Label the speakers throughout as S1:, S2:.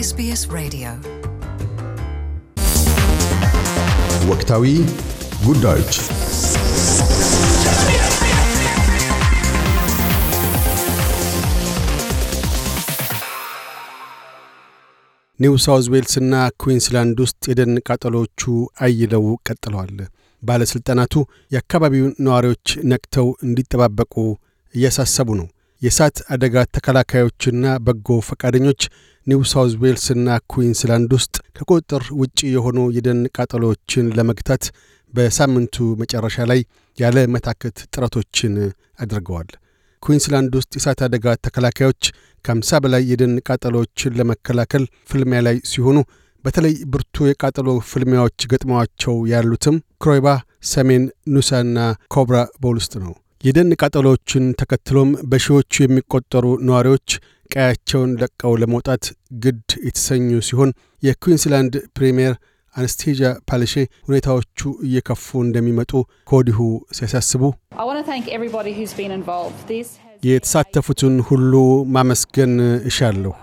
S1: ኤስቢኤስ Radio. ወቅታዊ ጉዳዮች ኒው ሳውዝ እና ኩዊንስላንድ ውስጥ የደን ቃጠሎቹ አይለው ቀጥለዋል። ባለሥልጣናቱ የአካባቢውን ነዋሪዎች ነቅተው እንዲጠባበቁ እያሳሰቡ ነው። የእሳት አደጋ ተከላካዮችና በጎ ፈቃደኞች ኒው ሳውዝ ዌልስና ኩዊንስላንድ ውስጥ ከቁጥጥር ውጪ የሆኑ የደን ቃጠሎዎችን ለመግታት በሳምንቱ መጨረሻ ላይ ያለ መታከት ጥረቶችን አድርገዋል። ኩዊንስላንድ ውስጥ የእሳት አደጋ ተከላካዮች ከአምሳ በላይ የደን ቃጠሎዎችን ለመከላከል ፍልሚያ ላይ ሲሆኑ በተለይ ብርቱ የቃጠሎ ፍልሚያዎች ገጥመዋቸው ያሉትም ክሮይባ፣ ሰሜን ኑሳና ኮብራ ቦል ውስጥ ነው። የደን ቃጠሎዎችን ተከትሎም በሺዎቹ የሚቆጠሩ ነዋሪዎች ቀያቸውን ለቀው ለመውጣት ግድ የተሰኙ ሲሆን የኩዊንስላንድ ፕሪምየር አነስቴዣ ፓልሼ ሁኔታዎቹ እየከፉ እንደሚመጡ ከወዲሁ ሲያሳስቡ የተሳተፉትን ሁሉ ማመስገን እሻለሁ።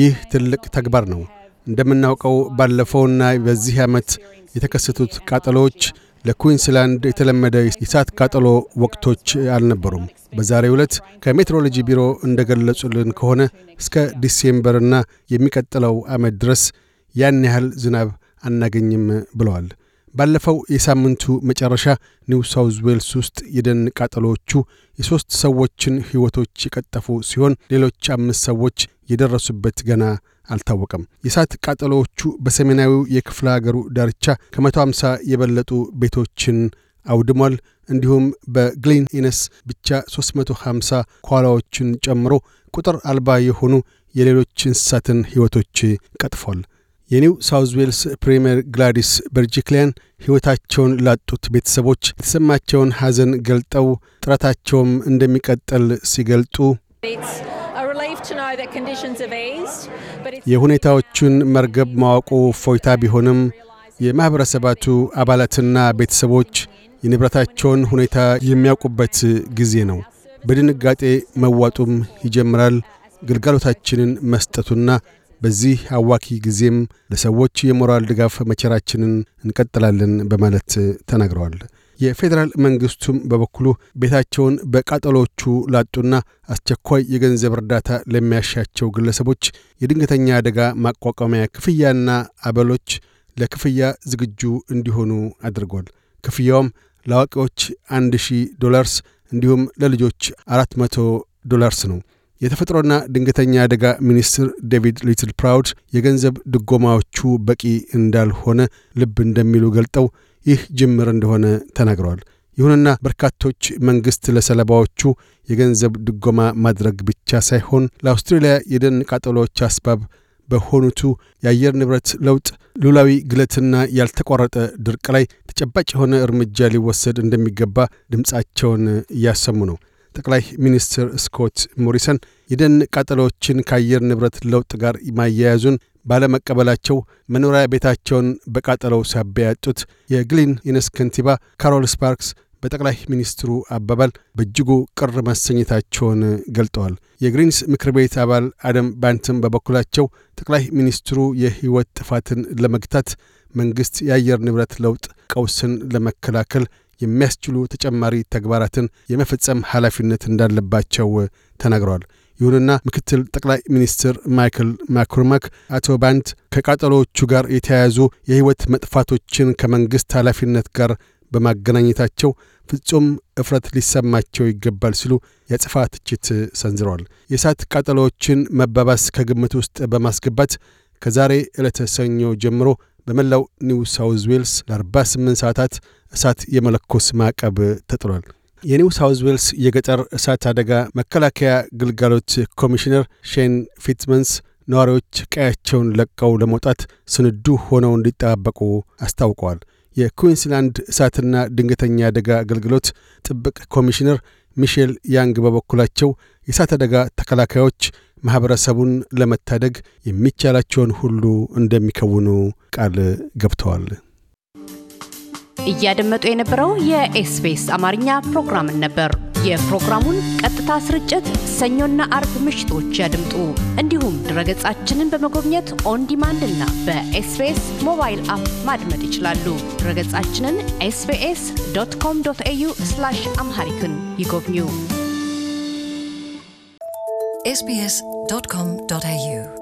S1: ይህ ትልቅ ተግባር ነው። እንደምናውቀው ባለፈውና በዚህ ዓመት የተከሰቱት ቃጠሎዎች ለኩዊንስላንድ የተለመደ የእሳት ቃጠሎ ወቅቶች አልነበሩም። በዛሬ ዕለት ከሜትሮሎጂ ቢሮ እንደገለጹልን ከሆነ እስከ ዲሴምበርና የሚቀጥለው ዓመት ድረስ ያን ያህል ዝናብ አናገኝም ብለዋል። ባለፈው የሳምንቱ መጨረሻ ኒው ሳውዝ ዌልስ ውስጥ የደን ቃጠሎዎቹ የሦስት ሰዎችን ሕይወቶች የቀጠፉ ሲሆን ሌሎች አምስት ሰዎች የደረሱበት ገና አልታወቀም። የእሳት ቃጠሎዎቹ በሰሜናዊው የክፍለ አገሩ ዳርቻ ከ150 የበለጡ ቤቶችን አውድሟል። እንዲሁም በግሊን ኢነስ ብቻ 350 ኳላዎችን ጨምሮ ቁጥር አልባ የሆኑ የሌሎች እንስሳትን ሕይወቶች ቀጥፏል። የኒው ሳውዝ ዌልስ ፕሪምየር ግላዲስ በርጂክሊያን ሕይወታቸውን ላጡት ቤተሰቦች የተሰማቸውን ሐዘን ገልጠው ጥረታቸውም እንደሚቀጥል ሲገልጡ የሁኔታዎቹን መርገብ ማወቁ ፎይታ ቢሆንም የማኅበረሰባቱ አባላትና ቤተሰቦች የንብረታቸውን ሁኔታ የሚያውቁበት ጊዜ ነው። በድንጋጤ መዋጡም ይጀምራል። ግልጋሎታችንን መስጠቱና በዚህ አዋኪ ጊዜም ለሰዎች የሞራል ድጋፍ መቸራችንን እንቀጥላለን በማለት ተናግረዋል። የፌዴራል መንግስቱም በበኩሉ ቤታቸውን በቃጠሎቹ ላጡና አስቸኳይ የገንዘብ እርዳታ ለሚያሻቸው ግለሰቦች የድንገተኛ አደጋ ማቋቋሚያ ክፍያና አበሎች ለክፍያ ዝግጁ እንዲሆኑ አድርጓል። ክፍያውም ለአዋቂዎች 1000 ዶላርስ እንዲሁም ለልጆች 400 ዶላርስ ነው። የተፈጥሮና ድንገተኛ አደጋ ሚኒስትር ዴቪድ ሊትል ፕራውድ የገንዘብ ድጎማዎቹ በቂ እንዳልሆነ ልብ እንደሚሉ ገልጠው ይህ ጅምር እንደሆነ ተናግረዋል። ይሁንና በርካቶች መንግሥት ለሰለባዎቹ የገንዘብ ድጎማ ማድረግ ብቻ ሳይሆን ለአውስትሬልያ የደን ቃጠሎዎች አስባብ በሆኑቱ የአየር ንብረት ለውጥ፣ ሉላዊ ግለትና ያልተቋረጠ ድርቅ ላይ ተጨባጭ የሆነ እርምጃ ሊወሰድ እንደሚገባ ድምፃቸውን እያሰሙ ነው። ጠቅላይ ሚኒስትር ስኮት ሞሪሰን የደን ቃጠሎዎችን ከአየር ንብረት ለውጥ ጋር ማያያዙን ባለመቀበላቸው መኖሪያ ቤታቸውን በቃጠሎው ሳቢያ ያጡት የግሊን ኢነስ ከንቲባ ካሮል ስፓርክስ በጠቅላይ ሚኒስትሩ አባባል በእጅጉ ቅር መሰኘታቸውን ገልጠዋል። የግሪንስ ምክር ቤት አባል አደም ባንትም በበኩላቸው ጠቅላይ ሚኒስትሩ የሕይወት ጥፋትን ለመግታት መንግሥት የአየር ንብረት ለውጥ ቀውስን ለመከላከል የሚያስችሉ ተጨማሪ ተግባራትን የመፈጸም ኃላፊነት እንዳለባቸው ተናግረዋል። ይሁንና ምክትል ጠቅላይ ሚኒስትር ማይክል ማክሮማክ አቶ ባንት ከቃጠሎዎቹ ጋር የተያያዙ የሕይወት መጥፋቶችን ከመንግሥት ኃላፊነት ጋር በማገናኘታቸው ፍጹም እፍረት ሊሰማቸው ይገባል ሲሉ የጽፋ ትችት ሰንዝረዋል። የእሳት ቃጠሎዎችን መባባስ ከግምት ውስጥ በማስገባት ከዛሬ ዕለተ ሰኞ ጀምሮ በመላው ኒው ሳውዝ ዌልስ ለ48 ሰዓታት እሳት የመለኮስ ማዕቀብ ተጥሏል። የኒው ሳውዝ ዌልስ የገጠር እሳት አደጋ መከላከያ ግልጋሎት ኮሚሽነር ሼን ፊትመንስ ነዋሪዎች ቀያቸውን ለቀው ለመውጣት ስንዱ ሆነው እንዲጠባበቁ አስታውቀዋል። የኩዊንስላንድ እሳትና ድንገተኛ አደጋ አገልግሎት ጥብቅ ኮሚሽነር ሚሼል ያንግ በበኩላቸው የእሳት አደጋ ተከላካዮች ማኅበረሰቡን ለመታደግ የሚቻላቸውን ሁሉ እንደሚከውኑ ቃል ገብተዋል። እያደመጡ የነበረው የኤስቢኤስ አማርኛ ፕሮግራምን ነበር። የፕሮግራሙን ቀጥታ ስርጭት ሰኞና አርብ ምሽቶች ያድምጡ። እንዲሁም ድረገጻችንን በመጎብኘት ኦን ዲማንድ እና በኤስቢኤስ ሞባይል አፕ ማድመጥ ይችላሉ። ድረገጻችንን ኤስቢኤስ ዶት ኮም ዶት ኤዩ አምሃሪክን ይጎብኙ። sbs.com.au